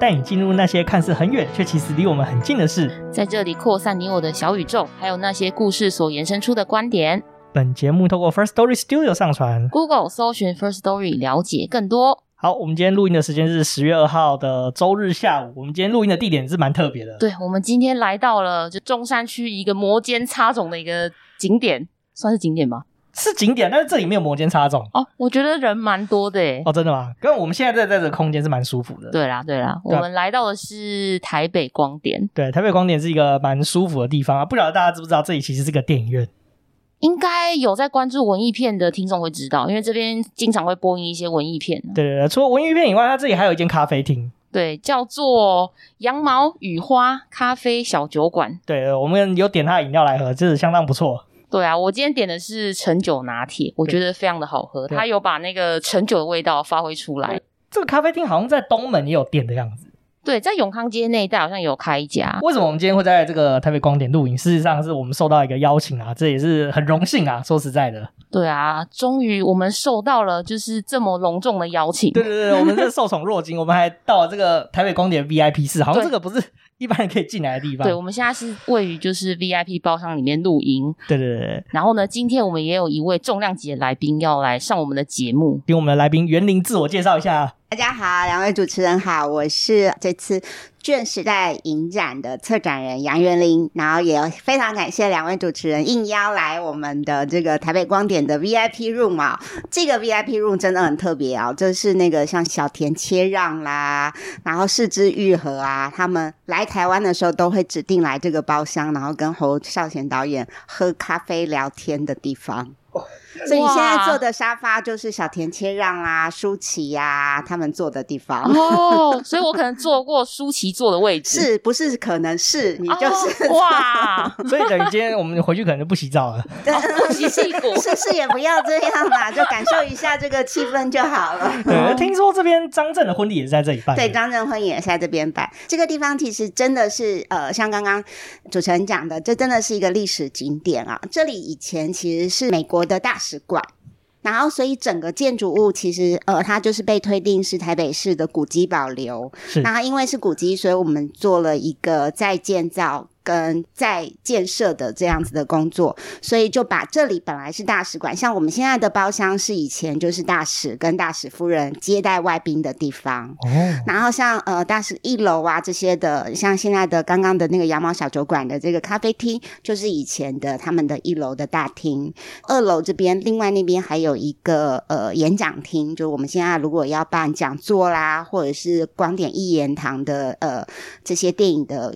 帶你進入那些看似很遠卻其實離我們很近的事，在這裡擴散你我的小宇宙，還有那些故事所延伸出的觀點。本節目透過 First Story Studio 上傳，Google 搜尋 First Story 了解更多。好，我們今天錄音的時間是十月二號的周日下午，我們今天錄音的地點是蠻特別的，對，我們今天來到了就中山區一個摩肩擦踵的一個景點，算是景點吧？是景點，對但是這裡沒有摩肩擦踵哦。我覺得人蠻多的哎。哦，真的嗎？跟我們現在在在這空間是蠻舒服的。對啦，對啦，對我們來到的是台北光點。對，台北光點是一個蠻舒服的地方啊。不曉得大家知不知道，這裡其實是個電影院。應該有在關注文藝片的聽眾會知道，因為這邊經常會播映一些文藝片。對，對，對，除了文藝片以外，它這裡還有一間咖啡廳，對，叫做羊毛與花咖啡小酒館。對，我們有點它的飲料來喝，這、就是相當不錯。對啊，我今天點的是橙酒拿鐵，我覺得非常的好喝，它有把那個橙酒的味道發揮出來。這個咖啡廳好像在東門也有店的樣子。對，在永康街那一帶好像也有開一家。為什麼我們今天會在這個台北光點錄影？對事實上是我們受到一個邀請啊，這也是很榮幸啊。說實在的，對啊，終於我們受到了就是這麼隆重的邀請。對對對，我們真的受寵若驚， 我們還到了這個台北光點 V I P 室，好像這個不是。一般人可以進來的地方。對，我們現在是位於就是 VIP 包廂裡面露營。 對對對，對。然後呢，今天我們也有一位重量級的來賓要來上我們的節目。請我們的來賓元鈴自我介紹一下。大家好，兩位主持人好，我是這次眷時代影展的策展人楊元鈴，然後也非常感謝兩位主持人應邀來我們的這個台北光點的 VIP room 啊，這個 VIP room 真的很特別啊，就是那個像小田切讓啦，然後是枝裕和啊，他們來台灣的時候都會指定來這個包廂，然後跟侯孝賢導演喝咖啡聊天的地方。所以你現在坐的沙發就是小田切讓啊，哇啊、舒淇啊他們坐的地方哦，所以我可能坐過舒淇坐的位置， 是不是，可能是你就是、哦、哇， 所以等於今天我們回去可能就不洗澡了，洗是不是也不要這樣啦，就感受一下這個氣氛就好了。 對，聽說這邊張震的婚禮也是在這裡辦，對，張震婚禮也是在這邊辦。這個地方其實真的是呃，像剛剛主持人講的，這真的是一個歷史景點啊，這裡以前其實是美國的大使使館，然後，所以整個建築物其實呃，它就是被推定是台北市的古蹟保留。那是因為是古蹟，所以我們做了一個再建造。跟在建設的這樣子的工作，所以就把這裡本來是大使館，像我們現在的包廂是以前就是大使跟大使夫人接待外賓的地方。然後像呃大使一樓啊這些的，像現在的剛剛的那個羊毛小酒館的這個咖啡廳，就是以前的他們的一樓的大廳。二樓這邊另外那邊還有一個呃演講廳，就我們現在如果要辦講座啦，或者是光點一言堂的呃這些電影的。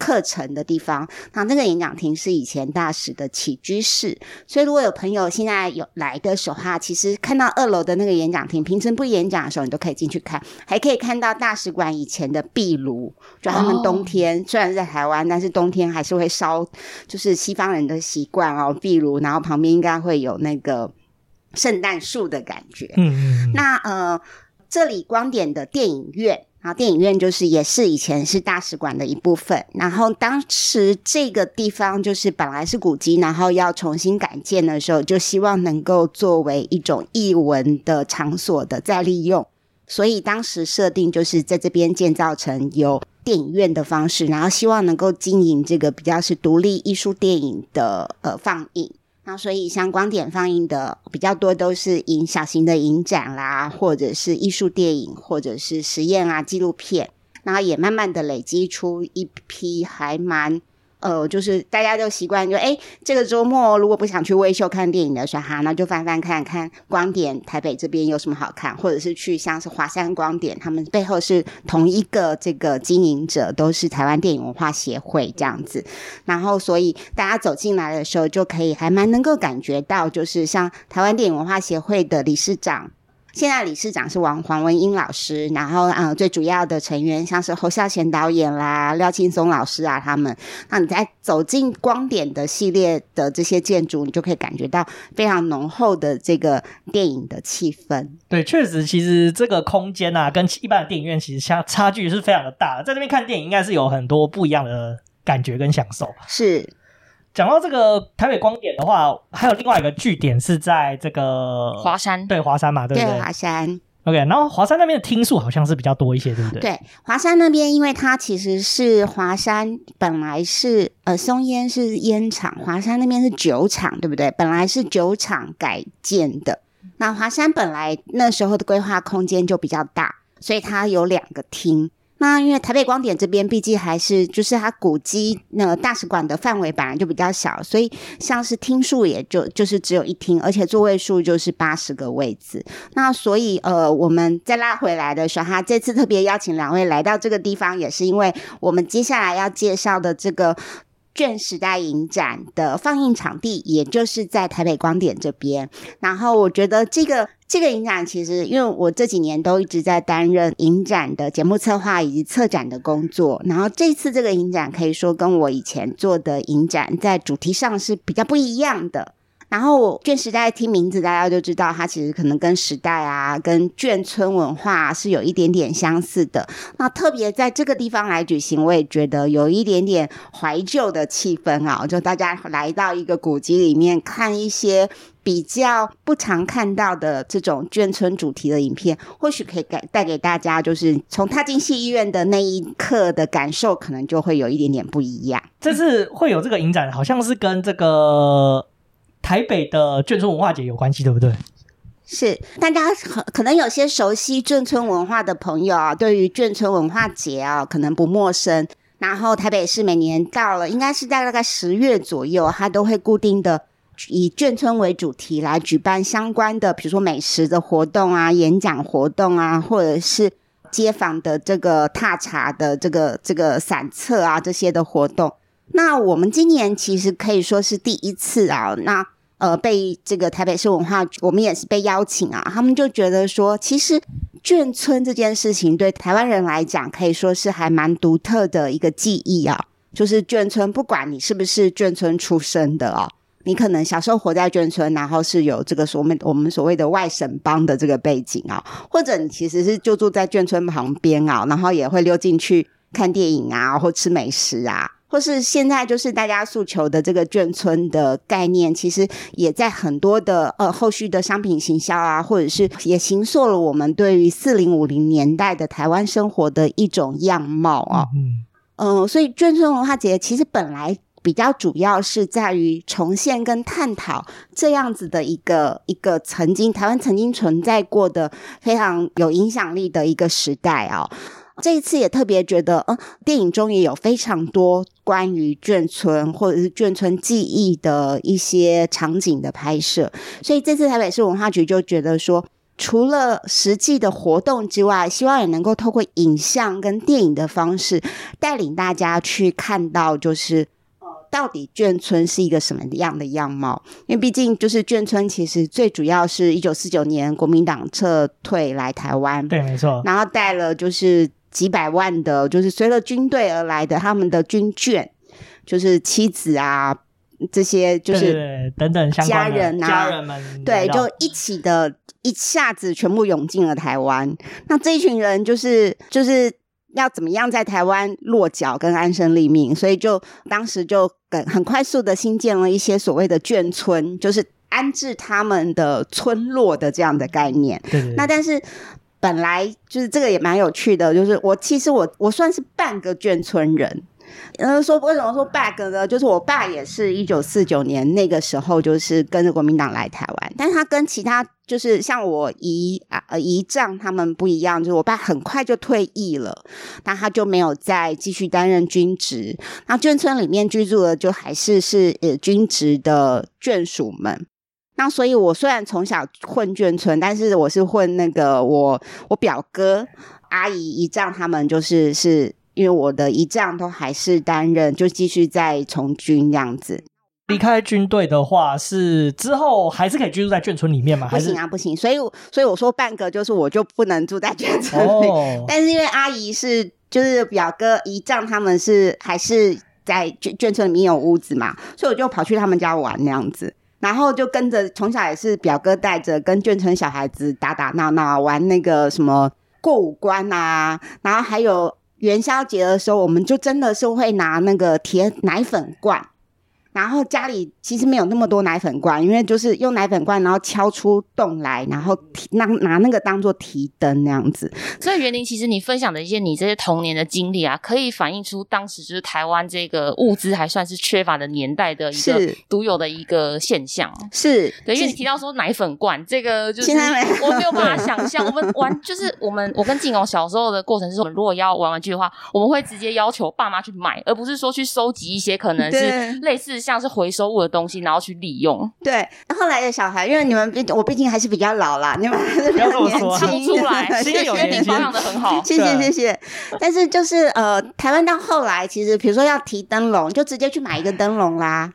課程的地方，那那個演講廳是以前大使的起居室，所以如果有朋友現在有來的時候哈，其實看到二樓的那個演講廳，平常不演講的時候，你都可以進去看，還可以看到大使館以前的壁爐，就他們冬天，oh. 雖然在台灣，但是冬天還是會燒，就是西方人的習慣哦，壁爐，然後旁邊應該會有那個聖誕樹的感覺。嗯嗯、mm，hmm. 那呃，這裡光點的電影院。然後電影院就是也是以前是大使館的一部分，然後當時這個地方就是本來是古蹟，然後要重新改建的時候，就希望能夠作為一種藝文的場所的再利用，所以當時設定就是在這邊建造成有電影院的方式，然後希望能夠經營這個比較是獨立藝術電影的呃放映。那所以像光點放映的比較多都是影小型的影展啦，或者是藝術電影，或者是實驗啊紀錄片，然後也慢慢的累積出一批還蠻。呃，就是大家就習慣就哎，這個周末如果不想去威秀看電影的時候，哈，那就翻翻看看光點台北這邊有什麼好看，或者是去像是華山光點，他們背後是同一個這個經營者，都是台灣電影文化協會這樣子。然後，所以大家走進來的時候，就可以還蠻能夠感覺到，就是像台灣電影文化協會的理事長。現在理事長是王黃文英老師，然後啊、嗯，最主要的成員像是侯孝賢導演啦、廖慶松老師啊，他們。那你在走進《光點》的系列的這些建築，你就可以感覺到非常濃厚的這個電影的氣氛。對，確實，其實這個空間啊，跟一般的電影院其實差差距是非常的大的，在那邊看電影應該是有很多不一樣的感覺跟享受。是。講到這個台北光點的話，還有另外一個據點是在這個華山，對華山嘛，對不對？華山，OK。然後華山那邊的廳數好像是比較多一些，對不對？對，華山那邊，因為它其實是華山，本來是呃松菸是菸廠，華山那邊是酒廠，對不對？本來是酒廠改建的，那華山本來那時候的規劃空間就比較大，所以它有兩個廳。那因為台北光點這邊畢竟還是就是它古蹟那個大使館的範圍本來就比較小，所以像是廳數也就就是只有一廳，而且座位數就是八十個位置。那所以呃，我們再拉回來的時候，他這次特別邀請兩位來到這個地方，也是因為我們接下來要介紹的這個。眷時代影展的放映場地，也就是在台北光點這邊。然後我覺得這個這個影展，其實因為我這幾年都一直在擔任影展的節目策劃以及策展的工作，然後這次這個影展可以說跟我以前做的影展在主題上是比較不一樣的。然後眷時代，聽名字，大家就知道它其實可能跟時代啊，跟眷村文化啊，是有一點點相似的。那特別在這個地方來舉行，我也覺得有一點點懷舊的氣氛啊，就大家來到一個古蹟裡面，看一些比較不常看到的這種眷村主題的影片，或許可以給帶給大家，就是從踏進戲院的那一刻的感受，可能就會有一點點不一樣。這次會有這個影展，好像是跟這個。台北的眷村文化節有關係，對不對？是，大家可可能有些熟悉眷村文化的朋友啊，對於眷村文化節啊，可能不陌生。然後台北市每年到了，應該是在大概十月左右，它都會固定的以眷村為主題來舉辦相關的，比如說美食的活動啊、演講活動啊，或者是街坊的這個踏查的這個這個散策啊這些的活動。那我們今年其實可以說是第一次啊，那呃被這個台北市文化局，我們也是被邀請啊。他們就覺得說，其實眷村這件事情對台灣人來講，可以說是還蠻獨特的一個記憶啊。就是眷村，不管你是不是眷村出生的啊，你可能小時候活在眷村，然後是有這個所謂我們所謂的外省幫的這個背景啊，或者你其實是就住在眷村旁邊啊，然後也會溜進去看電影啊，或吃美食啊。或是現在就是大家訴求的這個眷村的概念，其實也在很多的呃後續的商品行銷啊，或者是也形塑了我們對於四零五零年代的台灣生活的一種樣貌啊。嗯、呃，所以眷村文化節其實本來比較主要是在於重現跟探討這樣子的一個一個曾經台灣曾經存在過的非常有影響力的一個時代啊。這一次也特別覺得，嗯，電影中也有非常多關於眷村或者是眷村記憶的一些場景的拍攝，所以這次台北市文化局就覺得說，除了實際的活動之外，希望也能夠透過影像跟電影的方式，帶領大家去看到，就是呃，到底眷村是一個什麼樣的樣貌？因為畢竟就是眷村其實最主要是一九四九年國民黨撤退來台灣，對，沒錯，然後帶了就是。幾百萬的，就是隨着軍隊而來的，他們的軍眷，就是妻子啊，這些就是家人啊，對對對，等等相關的，家人們，對，就一起的，一下子全部湧進了台灣。 那這一群人就是就是要怎麼樣在台灣落腳跟安身立命，所以就當時就很很快速的新建了一些所謂的眷村，就是安置他們的村落的這樣的概念。對對對，那但是。本來就是這個也蠻有趣的，就是我其實我我算是半個眷村人。然後、嗯、說為什麼說半個呢？就是我爸也是一九四九年那個時候就是跟着國民黨來台灣，但是他跟其他就是像我姨啊、呃、姨丈他們不一樣，就是我爸很快就退役了，那他就沒有再繼續擔任軍職。那眷村裡面居住的就還是是呃軍職的眷屬們。那所以，我雖然從小混眷村，但是我是混那個我我表哥阿姨姨丈他們就是是因為我的姨丈都還是擔任，就繼續在從軍這樣子。離開軍隊的話是，是之後還是可以居住在眷村裡面嗎？不行啊，不行。所以所以我說半個就是我就不能住在眷村裡面，oh. 但是因為阿姨是就是表哥姨丈他們是還是在眷眷村裡面有屋子嘛，所以我就跑去他們家玩那樣子。然後就跟着，從小也是表哥帶着，跟眷村小孩子打打鬧鬧，玩那個什麼過五關啊。然後還有元宵節的時候，我們就真的是會拿那個鐵奶粉罐。然後家裡其實沒有那麼多奶粉罐，因為就是用奶粉罐，然後敲出洞來，然後提拿拿那個當做提燈那樣子。所以元鈴，其實你分享的一些你這些童年的經歷啊，可以反映出當時就是台灣這個物資還算是缺乏的年代的一個獨有的一個現象。是對，是因為你提到說奶粉罐是這個，就是我沒有辦法想象，我們 玩，就是我們我跟晉弘小時候的過程是，我們如果要玩玩具的話，我們會直接要求爸媽去買，而不是說去收集一些可能是類似。像是回收物的東西，然後去利用。對，後來的小孩，因為你們我畢竟還是比較老啦，你們還是比較年輕，說說 出來是因為你們保養的很好。謝謝對謝謝，但是就是呃，台灣到後來，其實比如說要提燈籠，就直接去買一個燈籠啦。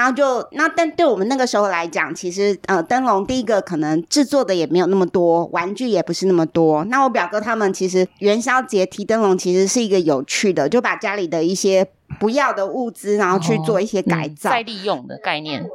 然後就那，但對我們那個時候來講，其實呃，燈籠第一個可能制作的也沒有那麼多，玩具也不是那麼多。那我表哥他們其實元宵節提燈籠其實是一個有趣的，就把家裡的一些不要的物資，然後去做一些改造，哦，嗯，再利用的概念。嗯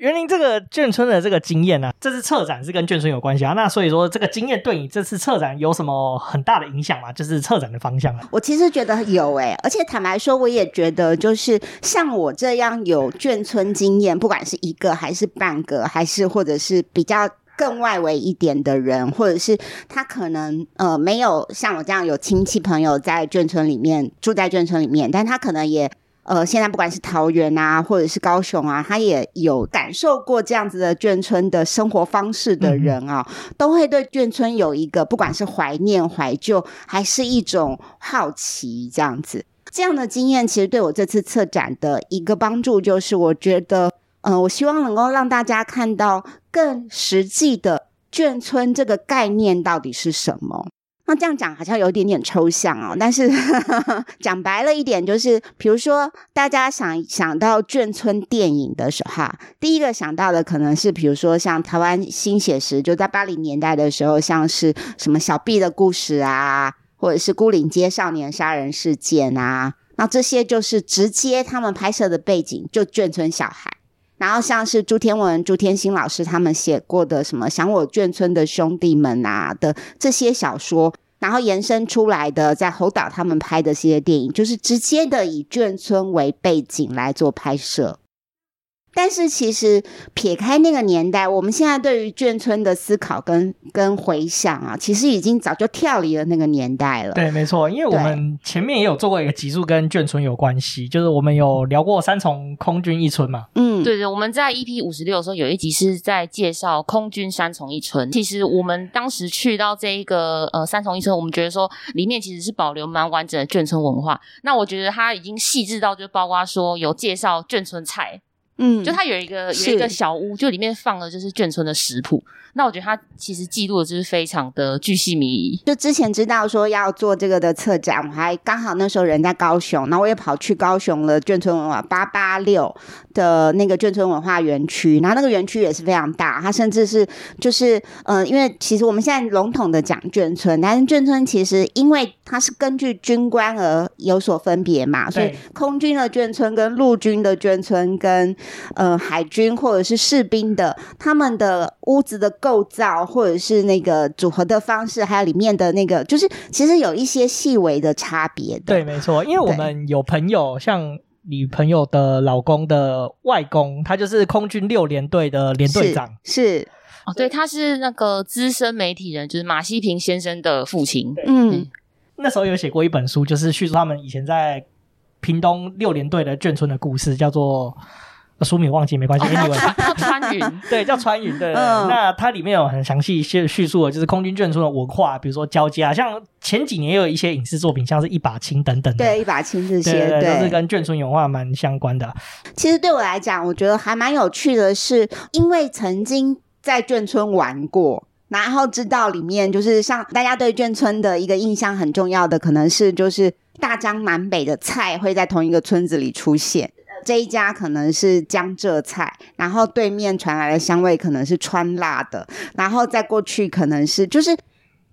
元鈴這個眷村的這個經驗呢、啊，這次策展是跟眷村有關係啊。那所以說，這個經驗對你這次策展有什麼很大的影響嗎、啊？就是策展的方向？啊。我其實覺得有誒、欸，而且坦白說，我也覺得就是像我這樣有眷村經驗，不管是一個還是半個，還是或者是比較更外圍一點的人，或者是他可能呃沒有像我這樣有親戚朋友在眷村裡面，住在眷村裡面，但他可能也。呃，現在不管是桃園啊，或者是高雄啊，他也有感受過這樣子的眷村的生活方式的人啊，嗯、都會對眷村有一個不管是懷念、懷舊，還是一種好奇這樣子。這樣的經驗其實對我這次策展的一個幫助，就是我覺得，嗯、呃，我希望能夠讓大家看到更實際的眷村這個概念，到底是什麼？那這樣講好像有一點點抽象哦，但是講白了一點，就是比如說大家想想到眷村電影的時候，哈，第一個想到的可能是比如說像台灣新寫實，就在八零年代的時候，像是什麼小畢的故事啊，或者是牯嶺街少年殺人事件啊，那這些就是直接他們拍攝的背景就眷村小孩。然後像是朱天文、朱天心老師他們寫過的什麼《想我眷村的兄弟們》啊的這些小說，然後延伸出來的在侯導他們拍的這些電影，就是直接的以眷村為背景來做拍攝。但是其實撇開那個年代，我們現在對於眷村的思考跟跟回想啊，其實已經早就跳離了那個年代了。對，沒錯，因為我們前面也有做過一個集數跟眷村有關係，對就是我們有聊過三重空軍一村嘛。嗯，對對，我們在 EP 五十六的時候有一集是在介紹空軍三重一村。其實我們當時去到這一個呃三重一村，我們覺得說裡面其實是保留蠻完整的眷村文化。那我覺得它已經細緻到就包括說有介紹眷村菜。嗯，就它有一個有一個小屋，就裡面放了就是眷村的食譜。是那我覺得它其實記錄的就是非常的巨細靡遺。就之前知道說要做這個的策展，我還剛好那時候人在高雄，那我也跑去高雄了眷村文化八八六的那個眷村文化園區，然後那個園區也是非常大，它甚至是就是嗯、呃，因為其實我們現在籠統的講眷村，但是眷村其實因為它是根據軍官而有所分別嘛，對所以空軍的眷村跟陸軍的眷村跟呃，海軍或者是士兵的，他們的屋子的構造，或者是那個組合的方式，還有裡面的那個，就是其實有一些細微的差別。對，沒錯，因為我們有朋友，對像女朋友的老公的外公，他就是空軍六連隊的連隊長。是，是、哦、對，他是那個資深媒體人，就是馬西平先生的父親。對嗯，那時候有寫過一本書，就是敘述他們以前在屏東六連隊的眷村的故事，叫做。書名、哦、忘記沒關係，因為叫《穿雲》，對，叫、嗯《穿雲》，對對。那它裡面有很詳細一些敘述的，就是空軍眷村的文化，比如說交接、啊，像前幾年也有一些影視作品，像是一把青等等的，對，一把青這些都是跟眷村文化蠻相關的。其實對我來講，我覺得還蠻有趣的是，因為曾經在眷村玩過，然後知道裡面就是像大家對眷村的一個印象很重要的，可能是就是大江南北的菜會在同一個村子裡出現。這一家可能是江浙菜，然後對面傳來的香味可能是川辣的，然後再過去可能是就是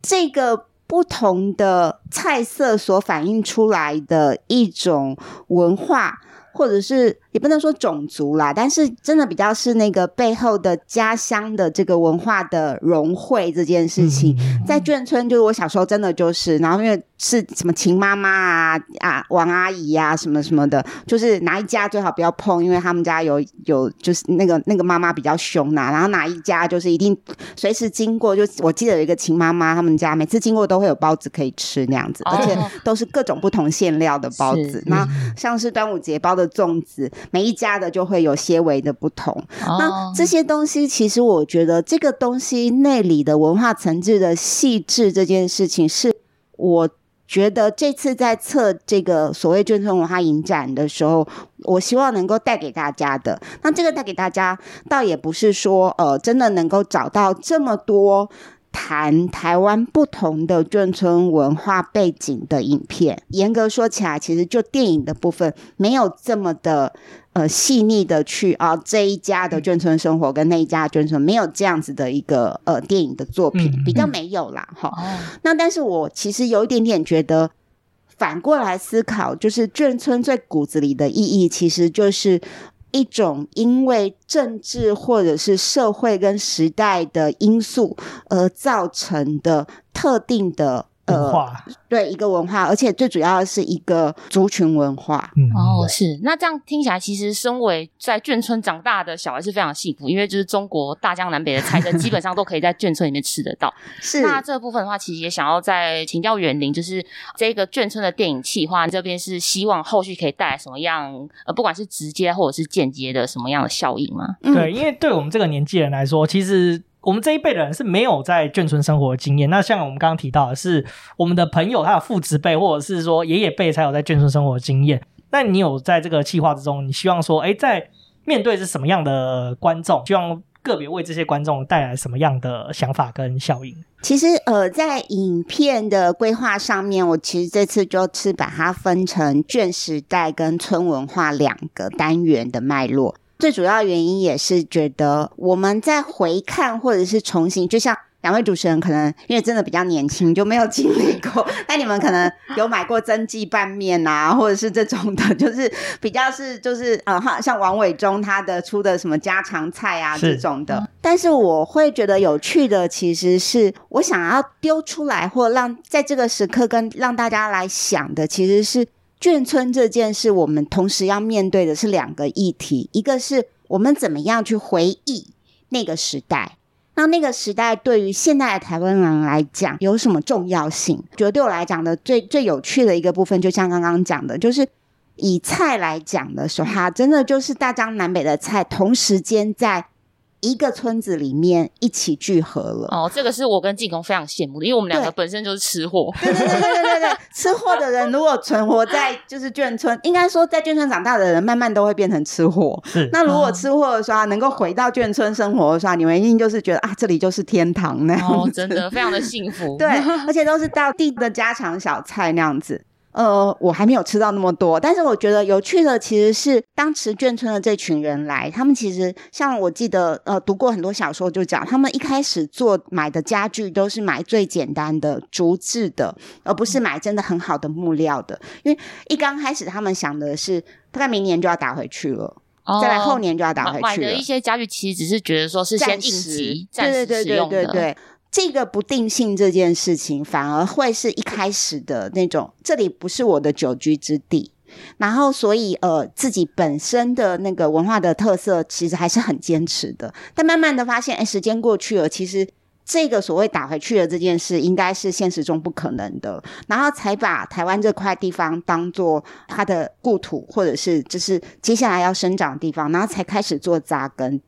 這個不同的菜色所反映出來的一種文化，或者是。也不能說種族啦，但是真的比較是那個背後的家鄉的這個文化的融匯這件事情，嗯、在眷村就是我小時候真的就是，然後因為是什麼秦媽媽啊啊王阿姨呀，啊、什麼什麼的，就是哪一家最好不要碰，因為他們家有有就是那個那個媽媽比較兇吶，啊，然後哪一家就是一定隨時經過，就我記得有一個秦媽媽，他們家每次經過都會有包子可以吃那樣子，而且都是各種不同餡料的包子，那、哦，像是端午節包的粽子。每一家的就會有些微的不同。Oh. 那這些東西，其實我覺得這個東西內裡的文化層次的細緻，這件事情是我覺得這次在策這個所謂“眷村文化影展”的時候，我希望能夠帶給大家的。那這個帶給大家，倒也不是說呃，真的能夠找到這麼多。談台灣不同的眷村文化背景的影片，嚴格說起來，其實就電影的部分沒有這麼的細膩、呃、的去啊這一家的眷村生活跟那一家眷村，沒有這樣子的一個、呃、電影的作品比較沒有啦。那但是我其實有一點點覺得反過來思考，就是眷村最骨子裡的意義，其實就是。一種因為政治或者是社會跟時代的因素而造成的特定的。文化、呃、對一個文化，而且最主要的是一個族群文化。哦、嗯，是那這樣聽起來，其實身為在眷村長大的小孩是非常幸福，因為就是中國大江南北的菜色，基本上都可以在眷村裡面 吃得到。是那這部分的話，其實也想要再請教元鈴，就是這個眷村的電影企劃這邊，是希望後續可以帶來什麼樣呃，不管是直接或者是間接的什麼樣的效應嗎？嗯、對，因為對我們這個年紀人來說，其實。我們這一輩的人是沒有在眷村生活的經驗。那像我們剛剛提到的是，我們的朋友他的父執輩或者是說爺爺輩才有在眷村生活的經驗。那你有在這個企劃之中，你希望說，哎，在面對是什麼樣的觀眾，希望個別為這些觀眾帶來什麼樣的想法跟效應？其實，呃，在影片的規劃上面，我其實這次就是把它分成眷時代跟村文化兩個單元的脈絡。最主要的原因也是覺得我們在回看或者是重新，就像兩位主持人可能因為真的比較年輕，就沒有經歷過， 但你們可能有買過曾記拌麵啊，或者是這種的，就是比較是就是呃、嗯、像王偉忠他的出的什麼家常菜啊這種的。是但是我會覺得有趣的，其實是我想要丟出來或讓在這個時刻跟讓大家來想的，其實是。眷村這件事，我們同時要面對的是兩個議題，一個是我們怎麼樣去回憶那個時代，那那個時代對於現在的台灣人來講有什麼重要性？覺得對我來講的最最有趣的一個部分，就像剛剛講的，就是以菜來講的時候，哈，真的就是大江南北的菜，同時間在。一個村子裡面一起聚合了哦，這個是我跟晉弘非常羨慕的，因為我們兩個本身就是吃貨。對對對對對，對，對 吃貨的人如果存活在就是眷村， 應該說在眷村長大的人慢慢都會變成吃貨。是那如果吃貨的時候、啊，嗯、能夠回到眷村生活的時候、啊，你們一定就是覺得啊，這裡就是天堂那樣、哦、真的非常的幸福。 對，而且都是到地的家常小菜那樣子。呃，我還沒有吃到那麼多，但是我覺得有趣的其實是當時眷村的這群人來，他們其實像我記得，呃，讀過很多小說就講，他們一開始做買的家具都是買最簡單的竹制的，而不是買真的很好的木料的，嗯、因為一剛開始他們想的是，大概明年就要打回去了，哦、再來後年就要打回去了，買買的一些家具其實只是覺得說是先應急，暫時使用的。對對對對對對這個不定性這件事情，反而會是一開始的那種，這裡不是我的久居之地。然後，所以呃，自己本身的那個文化的特色，其實還是很堅持的。但慢慢的發現，哎，時間過去了，其實這個所謂打回去的這件事，應該是現實中不可能的。然後才把台灣這塊地方當做他的故土，或者是就是接下來要生長的地方，然後才開始做扎根。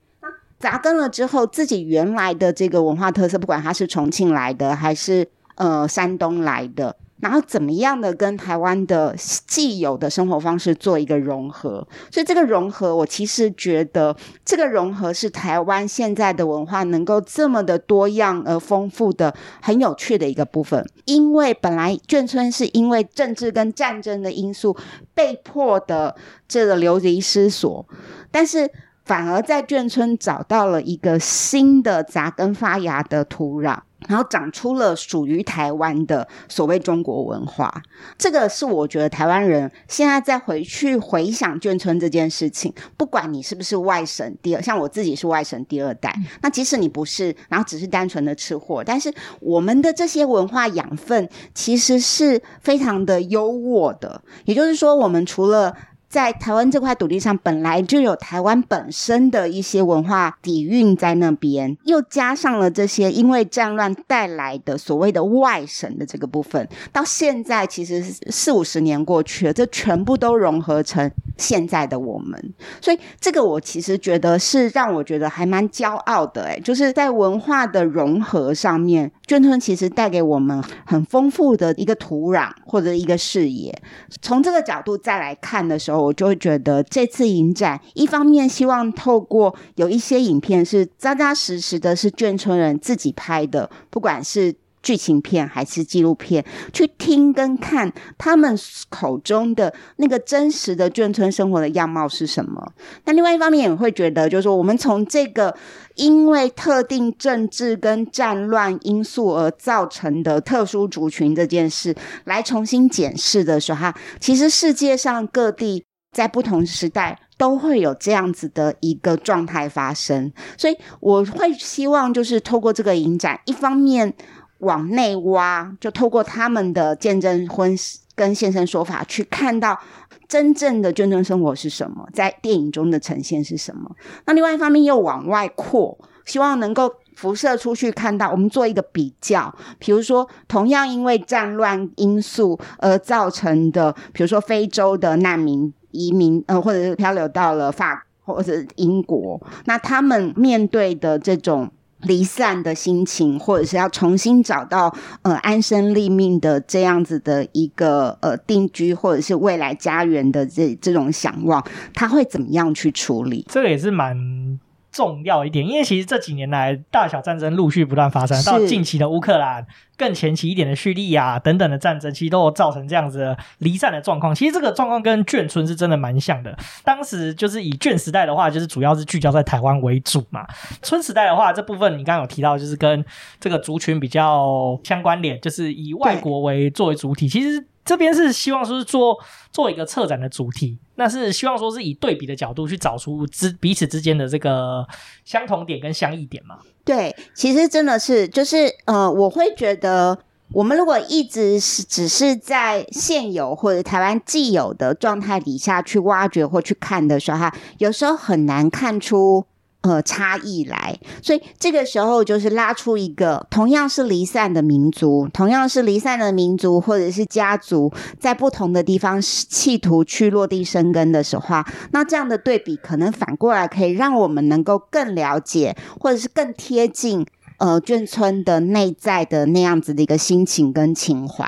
紮根了之後，自己原來的這個文化特色，不管他是重慶來的還是呃山東來的，然後怎麼樣的跟台灣的既有的生活方式做一個融合，所以這個融合，我其實覺得這個融合是台灣現在的文化能夠這麼的多樣而豐富的很有趣的一個部分。因為本來眷村是因為政治跟戰爭的因素被迫的這個流離失所，但是，反而在眷村找到了一個新的扎根發芽的土壤，然後長出了屬於台灣的所謂中國文化。這個是我覺得台灣人現在再回去回想眷村這件事情，不管你是不是外省第二，像我自己是外省第二代，嗯、那即使你不是，然後只是單純的吃貨，但是我們的這些文化養分其實是非常的優渥的。也就是說，我們除了在台灣這塊土地上，本來就有台灣本身的一些文化底蘊在那邊，又加上了這些因為戰亂帶來的所謂的外省的這個部分，到現在其實四五十年過去了，這全部都融合成現在的我們。所以這個我其實覺得是讓我覺得還蠻驕傲的，欸，哎，就是在文化的融合上面。眷村其實帶給我們很豐富的一個土壤或者一個視野。從這個角度再來看的時候，我就會覺得這次影展，一方面希望透過有一些影片是扎扎實實的，是眷村人自己拍的，不管是。劇情片還是紀錄片，去聽跟看他們口中的那個真實的眷村生活的樣貌是什麼？那另外一方面也會覺得，就是說我們從這個因為特定政治跟戰亂因素而造成的特殊族群這件事來重新檢視的時候，哈，其實世界上各地在不同時代都會有這樣子的一個狀態發生。所以我會希望就是透過這個影展，一方面。往內挖，就透過他們的見證婚跟現身說法，去看到真正的眷村生活是什麼，在電影中的呈現是什麼。那另外一方面又往外擴，希望能夠輻射出去，看到我們做一個比較，比如說同樣因為戰亂因素而造成的，比如說非洲的難民移民，呃，或者是漂流到了法或者是英國，那他們面對的這種。離散的心情，或者是要重新找到呃安身立命的這樣子的一個呃定居，或者是未來家園的這這種想望，他會怎麼樣去處理？這個也是蠻。重要一點，因為其實這幾年來，大小戰爭陸續不斷發生，到近期的烏克蘭，更前期一點的敘利亞等等的戰爭，其實都有造成這樣子離散的狀況。其實這個狀況跟眷村是真的蠻像的。當時就是以眷時代的話，就是主要是聚焦在台灣為主嘛。村時代的話，這部分你剛剛有提到，就是跟這個族群比較相關聯，就是以外國為作為主體。其實。這邊是希望說，是做做一個策展的主題，那是希望說是以對比的角度去找出之彼此之間的這個相同點跟相異點嘛。對，其實真的是，就是呃，我會覺得，我們如果一直是只是在現有或者台灣既有的狀態底下去挖掘或去看的時候，哈，有時候很難看出。呃，差異來，所以這個時候就是拉出一個同樣是離散的民族，同樣是離散的民族或者是家族，在不同的地方企圖去落地生根的時候，那這樣的對比可能反過來可以讓我們能夠更了解，或者是更貼近呃眷村的內在的那樣子的一個心情跟情懷，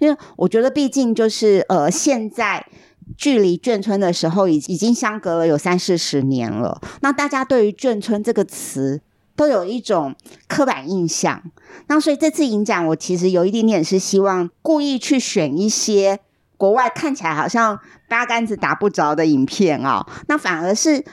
因為我覺得畢竟就是呃現在。距離眷村的時候已已經相隔了有三四十年了，那大家對於眷村這個詞都有一種刻板印象，那所以這次影展我其實有一點點是希望故意去選一些國外看起來好像八竿子打不着的影片啊，那反而是。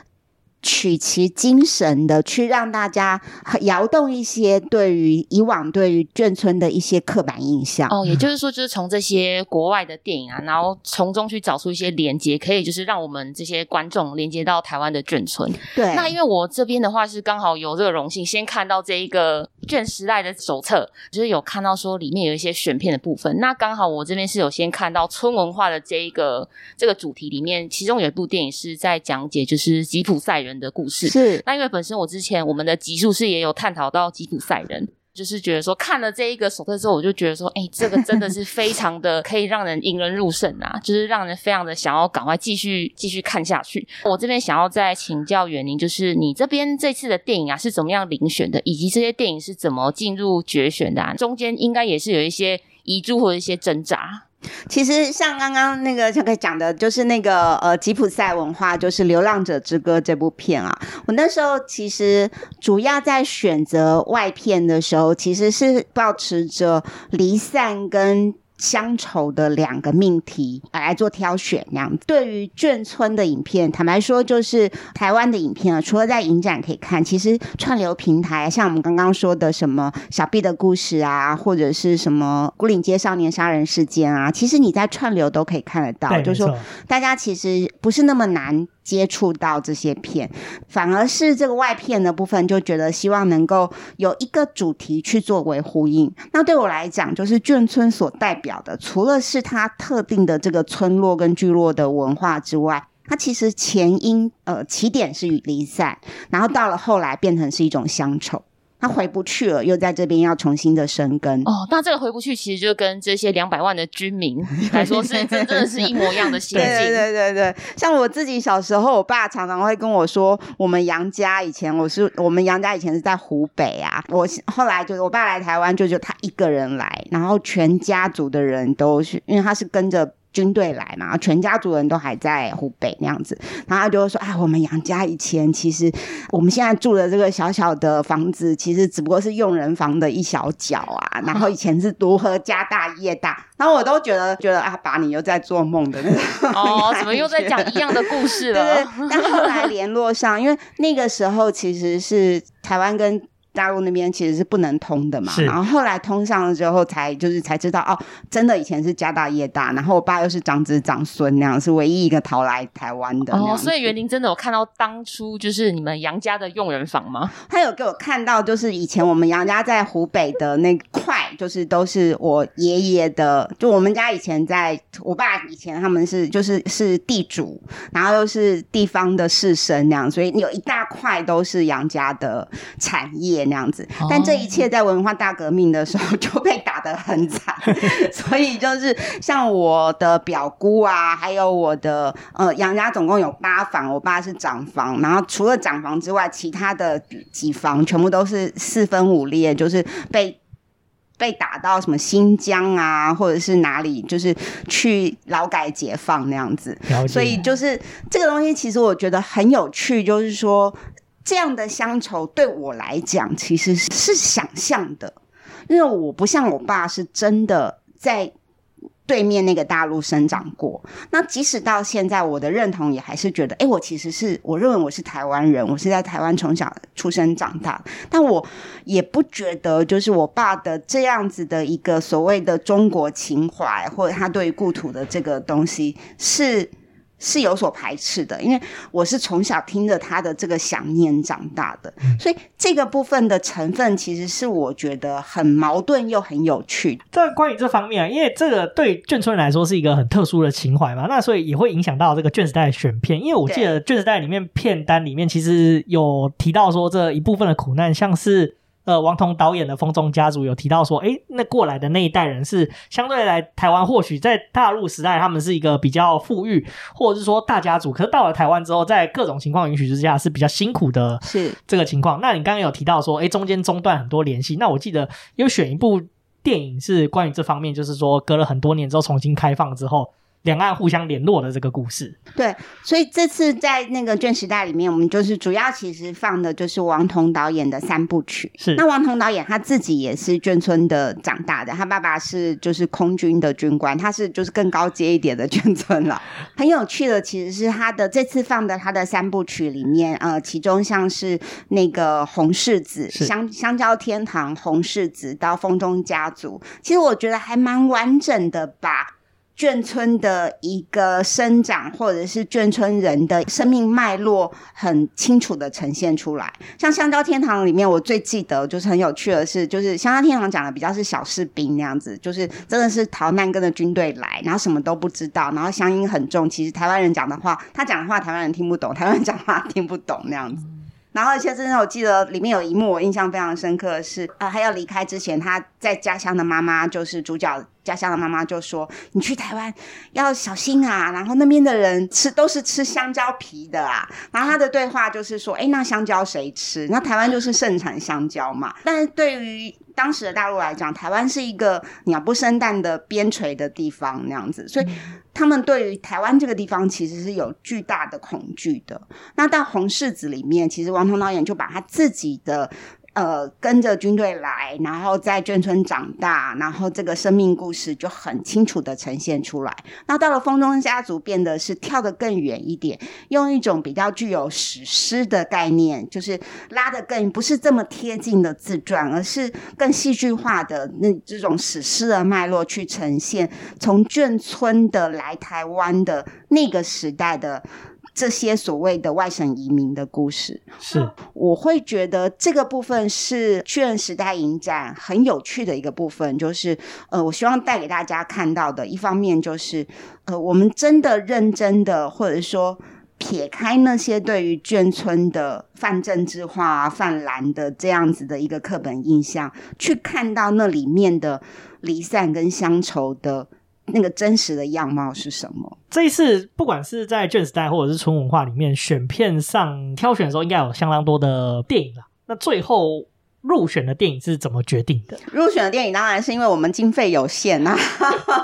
取其精神的，去讓大家搖動一些對於以往對於眷村的一些刻板印象。哦，也就是說，就是從這些國外的電影啊，然後從中去找出一些連接，可以就是讓我們這些觀眾連接到台灣的眷村。對。那因為我這邊的話是剛好有這個榮幸，先看到這一個眷時代的手冊，就是有看到說裡面有一些選片的部分。那剛好我這邊是有先看到村文化的這一個這個主題裡面，其中有一部電影是在講解就是吉普賽人，的故事是那，因為本身我之前我們的集數是也有探討到吉普賽人，就是覺得說看了這一個手冊之後，我就覺得說，哎、欸，這個真的是非常的可以讓人引人入勝啊， 就是讓人非常的想要趕快繼續繼續看下去。我這邊想要再請教元鈴，就是你這邊這次的電影啊是怎麼樣遴選的，以及這些電影是怎麼進入決選的、啊，中間應該也是有一些遺珠或者一些掙扎。其實像剛剛那個，那個講的就是那個呃吉普賽文化，就是《流浪者之歌》這部片啊。我那時候其實主要在選擇外片的時候，其實是抱持着離散跟鄉愁的兩個命題來做挑選，這樣。對於眷村的影片，坦白說，就是台灣的影片啊，除了在影展可以看，其實串流平台像我們剛剛說的什麼小畢的故事啊，或者是什麼牯嶺街少年殺人事件啊，其實你在串流都可以看得到。對就是說錯大家其實不是那麼難。接觸到這些片，反而是這個外片的部分，就覺得希望能夠有一個主題去作為呼應。那對我來講，就是眷村所代表的，除了是它特定的這個村落跟聚落的文化之外，它其實前因呃起點是與離散，然後到了後來變成是一種鄉愁。他回不去了，又在這邊要重新的生根。哦，那這個回不去，其實就跟這些兩百萬的居民來說是，是 真的是一模一樣的心理。 對，對對對對，像我自己小時候，我爸常常會跟我說，我們楊家以前我是我們楊家以前是在湖北啊，我後來就是我爸來台灣，就就他一個人來，然後全家族的人都是因為他是跟着。軍隊來嘛，全家族人都還在湖北那樣子，然後他就說：“哎，我們楊家以前其實，我們現在住的這個小小的房子，其實只不過是傭人房的一小角啊。然後以前是如何家大業大，然後我都覺得覺得啊，爸，你又在做夢的那種。哦，怎麼又在講一樣的故事了？對 對。但後來聯絡上，因為那個時候其實是台灣跟。”大陸那邊其實是不能通的嘛，是然後後來通上了之後才，才就是才知道哦，真的以前是家大業大，然後我爸又是長子長孫那樣，是唯一一個逃來台灣的。哦，所以元鈴真的有看到當初就是你們楊家的傭人房嗎？他有給我看到，就是以前我們楊家在湖北的那塊。就是都是我爺爺的，就我們家以前在我爸以前他們是就是是地主，然後又是地方的士紳那樣，所以有一大塊都是楊家的產業那樣子。但這一切在文化大革命的時候就被打得很慘， 所以就是像我的表姑啊，還有我的呃楊家總共有八房，我爸是長房，然後除了長房之外，其他的幾房全部都是四分五裂，就是被。被打到什麼新疆啊，或者是哪裡，就是去勞改解放那樣子，了解。所以就是這個東西，其實我覺得很有趣，就是說這樣的鄉愁對我來講其實是想象的，因為我不像我爸是真的在。對面那個大陸生長過，那即使到現在，我的認同也還是覺得，哎，我其實是，我認為我是台灣人，我是在台灣從小出生長大，但我也不覺得就是我爸的這樣子的一個所謂的中國情懷，或者他對於故土的這個東西是。是有所排斥的，因為我是從小聽着他的這個想念長大的，所以這個部分的成分其實是我覺得很矛盾又很有趣的。這、嗯、關於這方面，啊，因為這個對眷村人來說是一個很特殊的情懷嘛，那所以也會影響到這個眷時代的選片。因為我記得眷時代裡面片單裡面其實有提到說這一部分的苦難，像是。呃，王童導演的《風中家族》有提到說，誒、欸，那過來的那一代人是相對來台灣，或許在大陸時代，他們是一個比較富裕，或者是說大家族。可是到了台灣之後，在各種情況允許之下，是比較辛苦的，是這個情況。是那你剛剛有提到說，誒、欸，中間中斷很多聯繫。那我記得，有選一部電影是關於這方面，就是說隔了很多年之後重新開放之後，兩岸互相聯絡的這個故事，對，所以這次在那個《眷時代》裡面，我們就是主要其實放的就是王童導演的三部曲。是，那王童導演他自己也是眷村的長大的，他爸爸是就是空軍的軍官，他是就是更高階一點的眷村了。 很有趣的其實是他的這次放的他的三部曲裡面，呃，其中像是那個紅柿子、是香香蕉天堂、紅柿子到風中家族，其實我覺得還蠻完整的吧。眷村的一個生長，或者是眷村人的生命脈絡，很清楚的呈現出來。像《香蕉天堂》裡面，我最記得就是很有趣的是，就是《香蕉天堂》講的比較是小士兵那樣子，就是真的是逃難跟著軍隊來，然後什麼都不知道，然後鄉音很重。其實台灣人講的話，他講的話台灣人聽不懂，台灣人講話聽不懂那樣子。然後像真正我記得裡面有一幕我印象非常深刻的是啊，呃、他要離開之前，他在家鄉的媽媽，就是主角家鄉的媽媽就說，你去台灣要小心啊，然後那邊的人吃都是吃香蕉皮的啊。然後他的對話就是說，哎，那香蕉誰吃？那台灣就是盛產香蕉嘛，但是對於。當時的大陸來講，台灣是一個鳥不生蛋的邊陲的地方，那樣子，所以他們對於台灣這個地方其實是有巨大的恐懼的。那到《紅柿子》裡面，其實王童導演就把他自己的。呃，跟着軍隊來，然後在眷村長大，然後這個生命故事就很清楚地呈現出來。那到了風中家族，變得是跳得更遠一點，用一種比較具有史詩的概念，就是拉得更不是這麼貼近的自傳，而是更戲劇化的，那這種史詩的脈絡去呈現，從眷村的來台灣的那個時代的。這些所謂的外省移民的故事，是我會覺得這個部分是眷時代影展很有趣的一個部分，就是呃，我希望帶給大家看到的，一方面就是呃，我們真的認真的，或者說撇開那些對於眷村的泛政治化、啊、泛藍的這樣子的一個課本印象，去看到那裡面的離散跟鄉愁的。那個真實的樣貌是什麼？這一次，不管是在眷時代或者是村文化裡面選片上挑選的時候，應該有相當多的電影了。那最後。入選的電影是怎麼決定的？入選的電影當然是因為我們經費有限啊，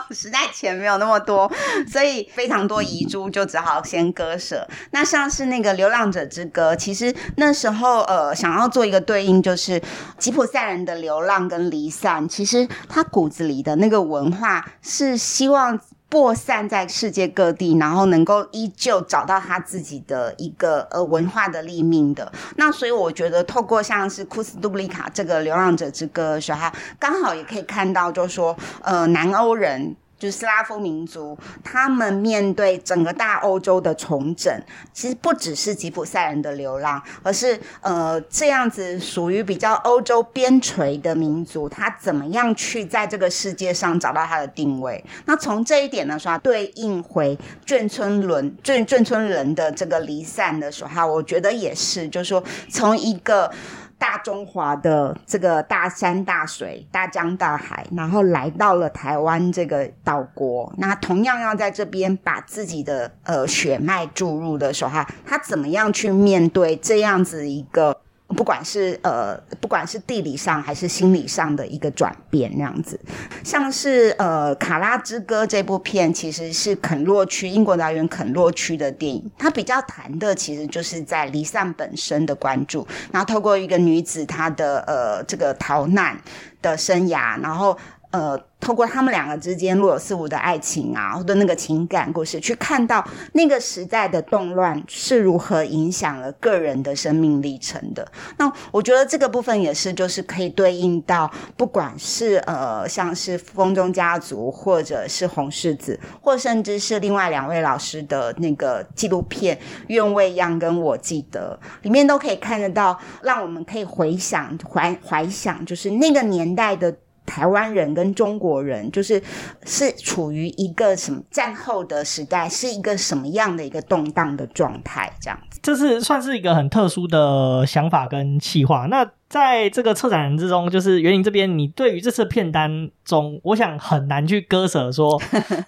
實在錢沒有那麼多，所以非常多遺珠就只好先割舍。那像是那個《流浪者之歌》，其實那時候呃想要做一個對應，就是吉普賽人的流浪跟離散，其實他骨子裡的那個文化是希望。播散在世界各地，然後能夠依舊找到他自己的一個呃文化的立命的那，所以我覺得透過像是庫斯杜布利卡這個流浪者之歌的時候，剛好也可以看到，就說呃南歐人。就是斯拉夫民族，他們面對整個大歐洲的重整，其實不只是吉普賽人的流浪，而是呃這樣子屬於比較歐洲邊陲的民族，他怎麼樣去在這個世界上找到他的定位？那從這一點呢，說對應回眷村人眷眷村人的這個離散的時候，我覺得也是，就是說從一個。大中華的這個大山大水、大江大海，然後來到了台灣這個島國，那同樣要在這邊把自己的呃血脈注入的時候，他怎麼樣去面對這樣子一個？不管是呃，不管是地理上還是心理上的一個轉變，這樣子，像是呃《卡拉之歌》這部片，其實是肯洛區，英國導演肯洛區的電影，它比較談的其實就是在離散本身的關注，然後透過一個女子她的呃這個逃難的生涯，然後。呃，透過他們兩個之間若有似無的愛情啊，或者那個情感故事，去看到那個時代的動亂是如何影響了個人的生命歷程的。那我覺得這個部分也是，就是可以對應到不管是呃，像是《風中家族》，或者是《紅柿子》，或甚至是另外兩位老師的那個紀錄片《願未央》跟我記得裡面都可以看得到，讓我們可以回想懷懷想，就是那個年代的。台灣人跟中國人就是是處於一個什麼戰後的時代，是一個什麼樣的一個動盪的狀態？這樣子，這是算是一個很特殊的想法跟企劃。那在這個策展人之中，就是元鈴這邊，你對於這次的片單中，我想很難去割捨，說，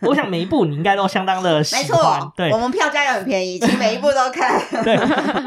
我想每一部你應該都相當的喜歡。 沒錯錯，對，我們票價也很便宜，其實每一部都看。 對，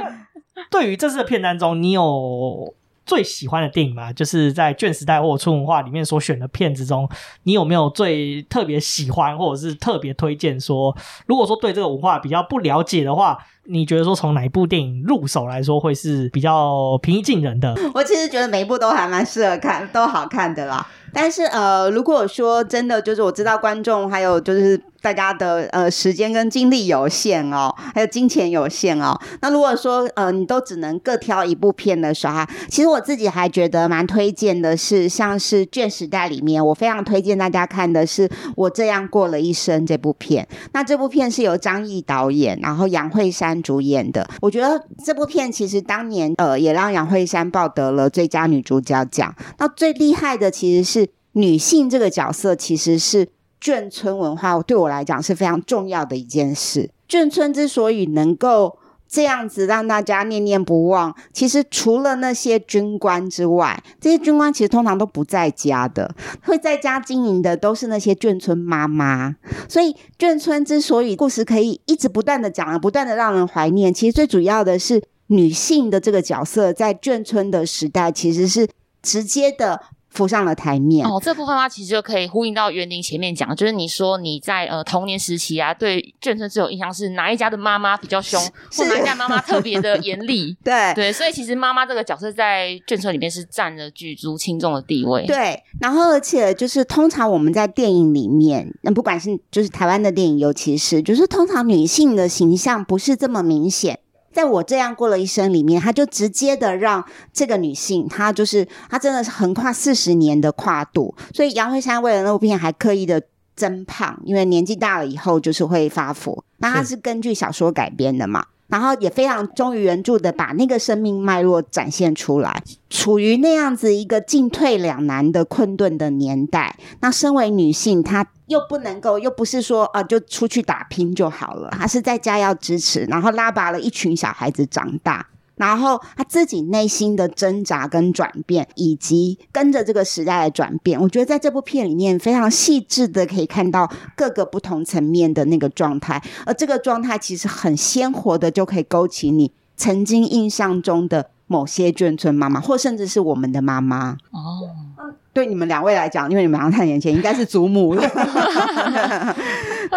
對於這次的片單中，你有。最喜歡的電影嘛，就是在《眷時代》或者《村文化》裡面所選的片子中，你有沒有最特別喜歡，或者是特別推薦說？說如果說對這個文化比較不了解的話。你覺得說，從哪一部電影入手來說會是比較平易近人的？我其實覺得每一部都還蠻適合看，都好看的啦。但是呃，如果說真的就是我知道觀眾還有就是大家的呃時間跟精力有限哦，還有金錢有限哦，那如果說呃你都只能各挑一部片的時候，其實我自己還覺得蠻推薦的是，像是《眷時代》裡面，我非常推薦大家看的是《我這樣過了一生》這部片。那這部片是由張毅導演，然後楊惠姍。主演的，我覺得這部片其實當年呃也讓楊惠姍抱得了最佳女主角獎。那最厲害的其實是女性這個角色，其實是眷村文化對我來講是非常重要的一件事。眷村之所以能夠這樣子讓大家念念不忘。其實除了那些軍官之外，這些軍官其實通常都不在家的，會在家經營的都是那些眷村媽媽。所以眷村之所以故事可以一直不斷地講，不斷地讓人懷念，其實最主要的是女性的這個角色在眷村的時代其實是直接的。浮上了台面哦，這部分話其實就可以呼應到元鈴前面講，就是你說你在呃童年時期啊，對眷村這種印象是哪一家的媽媽比較凶，是或哪一家媽媽特別的嚴厲？是對對，所以其實媽媽這個角色在眷村裡面是佔着舉足輕重的地位。對，然後而且就是通常我們在電影裡面，那、嗯、不管是就是台灣的電影，尤其是就是通常女性的形象不是這麼明顯。在我這樣過了一生裡面，他就直接的讓這個女性，她就是她真的是橫跨四十年的跨度。所以楊惠姍為了那部片還刻意的增胖，因為年紀大了以後就是會發福。那她是根據小說改編的嘛？然後也非常忠於原著的，把那個生命脈絡展現出來。處於那樣子一個進退兩難的困頓的年代，那身為女性，她又不能夠，又不是說啊、呃，就出去打拼就好了，她是在家要支持，然後拉拔了一群小孩子長大。然後他自己內心的掙扎跟轉變，以及跟着這個時代的轉變，我覺得在這部片裡面非常細緻的可以看到各個不同層面的那個狀態，而這個狀態其實很鮮活的就可以勾起你曾經印象中的某些眷村媽媽，或甚至是我們的媽媽。哦，oh。對你們兩位來講，因為你們好像太年輕，應該是祖母了。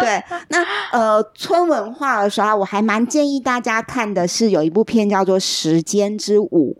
對，那呃，村文化的時候啊，我還蠻建議大家看的是有一部片叫做《時間之舞》。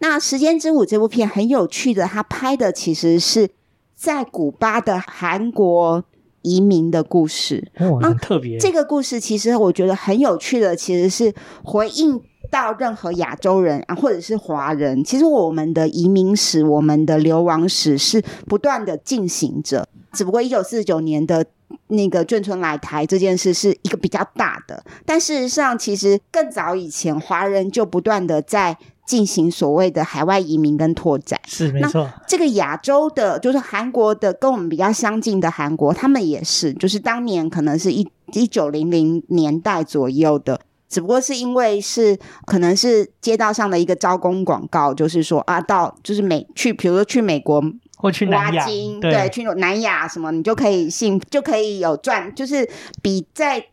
那《時間之舞》這部片很有趣的，它拍的其實是在古巴的韓國移民的故事。哇、欸，那特別。這個故事其實我覺得很有趣的，其實是回應。到任何亞洲人啊，或者是華人，其實我們的移民史、我們的流亡史是不斷的進行着。只不過一九四九年的那個眷村來台這件事是一個比較大的，但事實上，其實更早以前，華人就不斷的在進行所謂的海外移民跟拓展。是，沒錯。這個亞洲的，就是韓國的，跟我們比較相近的韓國，他們也是，就是當年可能是一一九零零年代左右的。只不過是因為是可能是街道上的一個招工廣告，就是說啊，到就是美去，比如說去美國或去南亞，挖金，對，對去南亞什麼，你就可以信，就可以有賺，就是比在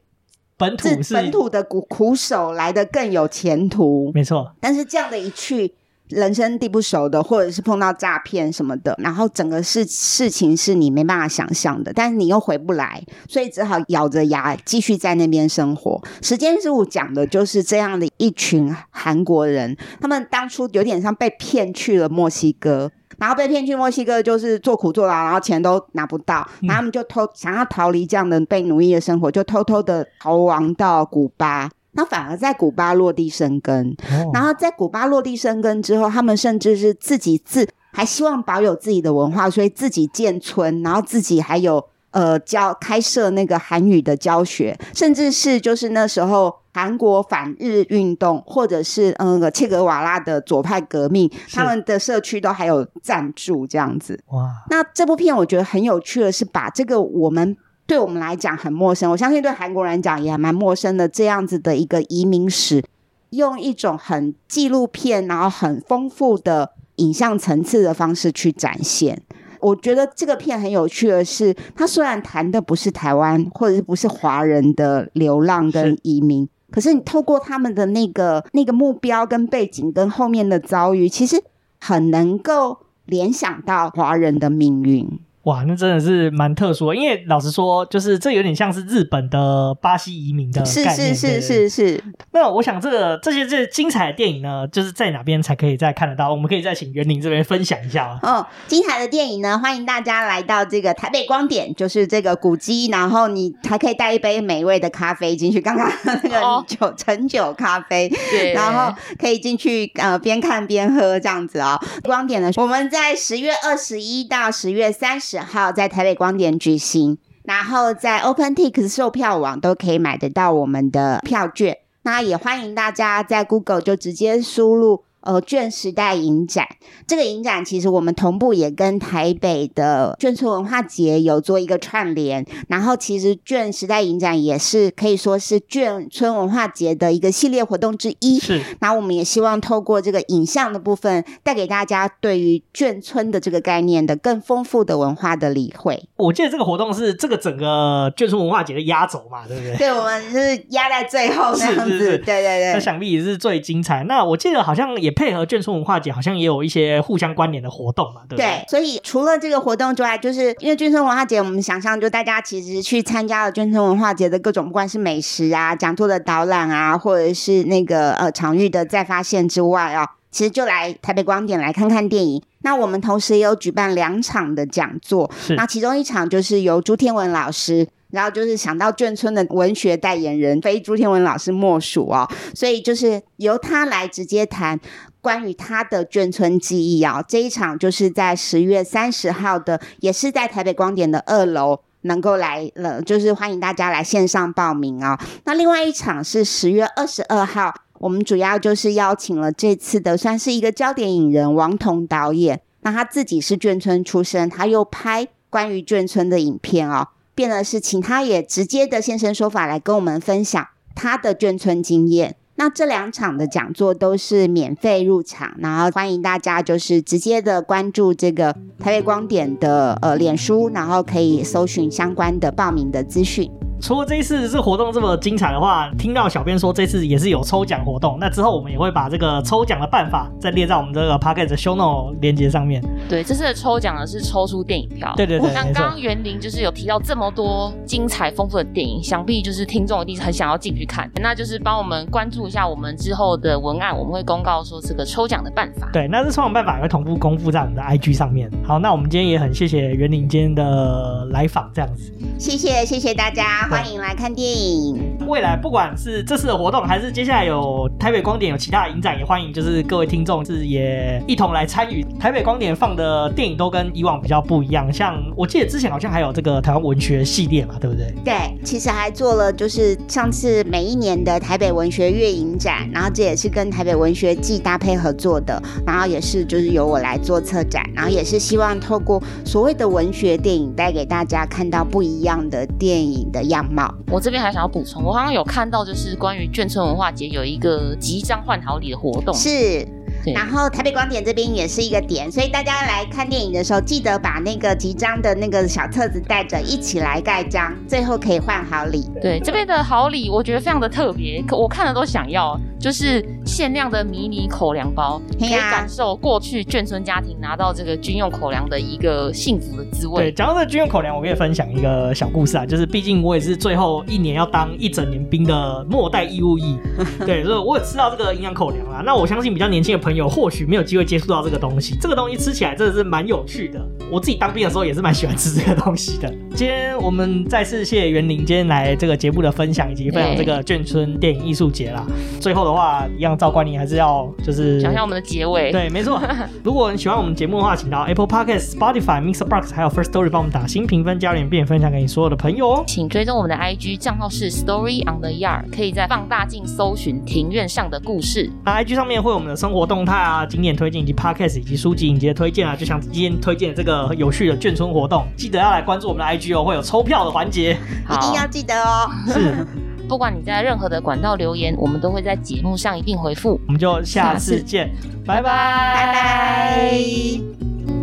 本土是本土的苦苦手來的更有前途，沒錯。但是這樣的一去。人生地不熟的，或者是碰到詐騙什麼的，然後整個事事情是你沒辦法想象的，但是你又回不來，所以只好咬着牙繼續在那邊生活。《時間之物》講的就是這樣的一群韓國人，他們當初有點像被騙去了墨西哥，然後被騙去墨西哥就是做苦做牢，然後錢都拿不到，然後他們就偷想要逃離這樣的被奴役的生活，就偷偷的逃亡到古巴。那反而在古巴落地生根，Oh. 然後在古巴落地生根之後，他們甚至是自己自還希望保有自己的文化，所以自己建村，然後自己還有呃教開設那個韓語的教學，甚至是就是那時候韓國反日運動，或者是嗯、呃、切格瓦拉的左派革命，他們的社區都還有贊助這樣子。哇，Wow. 那這部片我覺得很有趣的是把這個我們。對我們來講很陌生，我相信對韓國人來講也還蠻陌生的。這樣子的一個移民史，用一種很紀錄片，然後很豐富的影像層次的方式去展現。我覺得這個片很有趣的是，它雖然談的不是台灣，或者是不是華人的流浪跟移民，是，可是你透過他們的那個那個目標跟背景跟後面的遭遇，其實很能夠聯想到華人的命運。哇，那真的是蠻特殊的，因為老實說，就是這有點像是日本的巴西移民的概念，是是是是是，對對。那我想，這個這些這些精彩的電影呢，就是在哪邊才可以再看得到？我們可以再請元鈴這邊分享一下。哦，精彩的電影呢，歡迎大家來到這個台北光點，就是這個古蹟，然後你還可以帶一杯美味的咖啡進去，剛剛那個酒、哦、陳酒咖啡，對，然後可以進去呃邊看邊喝這樣子啊、哦。光點呢，我們在十月二十一到十月三十。然後在台北光點舉行，然後在 OpenTix 售票網都可以買得到我們的票券，那也歡迎大家在 Google 就直接輸入。呃、哦，眷時代影展這個影展，其實我們同步也跟台北的眷村文化節有做一個串聯。然後，其實眷時代影展也是可以說是眷村文化節的一個系列活動之一。是。然後，我們也希望透過這個影像的部分，帶給大家對於眷村的這個概念的更豐富的文化的理會。我記得這個活動是這個整個眷村文化節的壓軸嘛，對不對？ 對，我們是壓在最後那樣子。是是是對，對對對。那想必也是最精彩。那我記得好像也。配合眷村文化節，好像也有一些互相關聯的活動嘛，對不對？對，所以除了這個活動之外，就是因為眷村文化節，我們想象就大家其實去參加了眷村文化節的各種，不管是美食啊、講座的導覽啊，或者是那個呃場域的再發現之外哦，其實就來台北光點來看看電影。那我們同時也有舉辦兩場的講座，是那其中一場就是由朱天文老師。然後就是想到眷村的文學代言人非朱天文老師莫屬哦，所以就是由他來直接談關於他的眷村記憶啊、哦。這一場就是在十月三十號的，也是在台北光點的二樓能夠來了，就是歡迎大家來線上報名哦。那另外一場是十月二十二號，我們主要就是邀請了這次的算是一個焦點影人王童導演，那他自己是眷村出身，他又拍關於眷村的影片哦。變的是，請他也直接的現身說法來跟我們分享他的眷村經驗。那這兩場的講座都是免費入場，然後歡迎大家就是直接的關注這個台北光點的呃臉書，然後可以搜尋相關的報名的資訊。除了這一次這活動這麼精彩的話，聽到小編說這次也是有抽獎活動，那之後我們也會把這個抽獎的辦法再列在我們這個 Podcast 的 show note 鏈接上面。對，這次的抽獎呢是抽出電影票。對，對對，對。那剛剛元鈴就是有提到這麼多精彩豐富的電影，想必就是聽眾一定很想要進去看。那就是幫我們關注一下我們之後的文案，我們會公告說這個抽獎的辦法。對，那這抽獎辦法也會同步公布在我們的 IG 上面。好，那我們今天也很謝謝元鈴今天的來訪，這樣子。謝謝，謝謝大家。歡迎來看電影。未來不管是這次的活動，還是接下來有台北光點有其他的影展，也歡迎就是各位聽眾是也一同來參與。台北光點放的電影都跟以往比較不一樣，像我記得之前好像還有這個台灣文學系列嘛，對不對？對，其實還做了就是上次每一年的台北文學月影展，然後這也是跟台北文學季搭配合作的，然後也是就是由我來做策展，然後也是希望透過所謂的文學電影帶給大家看到不一樣的電影的樣子。樣貌，我這邊還想要補充，我好像有看到，就是關於眷村文化節有一個集章換好禮的活動，是。對然後台北光點這邊也是一個點，所以大家來看電影的時候，記得把那個集章的那個小冊子帶着一起來蓋章，最後可以換好禮。對，這邊的好禮我覺得非常的特別，可我看了都想要。就是限量的迷你口糧包，可以感受過去眷村家庭拿到這個軍用口糧的一個幸福的滋味。對，講到這個軍用口糧，我可以分享一個小故事啊，就是畢竟我也是最後一年要當一整年兵的末代義務役。對，所以我有吃到這個營養口糧啦。 那我相信比較年輕的朋友或許沒有機會接觸到這個東西，這個東西吃起來真的是蠻有趣的。我自己當兵的時候也是蠻喜歡吃這個東西的。今天我們再次謝謝元鈴今天來這個節目的分享以及分享這個眷村電影藝術節啦。欸、最後的話一樣照慣例還是要就是想想我們的結尾。對沒錯， 如果你喜歡我們節目的話，請到 Apple Podcast、Spotify、Mixer Box、er、還有 First Story 幫我們打星評分，加點變分享給你所有的朋友哦。請追蹤我們的 IG 賬號是 Story on the Yard，可以在放大鏡搜尋庭院上的故事。那、啊、IG 上面會有我們的生活動態啊、景點推薦以及 Podcast 以及書籍影集推薦啊，就像今天推薦這個有趣的眷村活動，記得要來關注我們的 IG 哦，會有抽票的環節，一定要記得哦。是。 不管你在任何的管道留言，我們都會在節目上一併回復。我們就下次見，拜拜，拜拜。